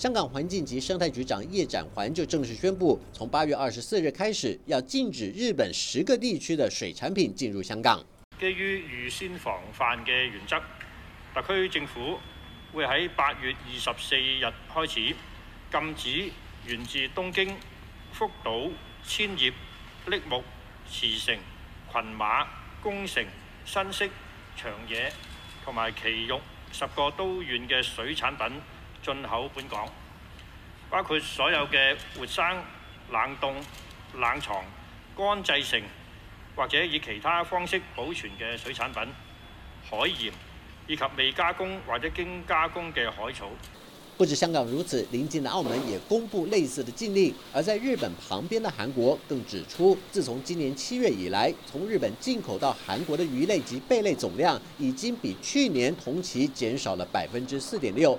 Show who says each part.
Speaker 1: 香港環境及生態局長葉展環就正式宣布，從八月二十四日開始，要禁止日本十個地區嘅水產品進入香港。基於預先防範嘅原則，特區政府會喺八月二十四日開始禁止源自東京、福島、千葉、栃木、茨城、群馬、宮城、新潟、長野同埋埼玉十個都縣嘅水產品進口本港，包括所有嘅活生、冷凍、冷藏、乾製成或者以其他方式保存嘅水產品、海鹽以及未加工或者經加工嘅海草。不止香港如此，鄰近的澳門也公布類似的禁令，而在日本旁邊的韓國更指出，自從今年七月以來，從日本進口到韓國的魚類及貝類總量已經比去年同期減少了百分之四點六。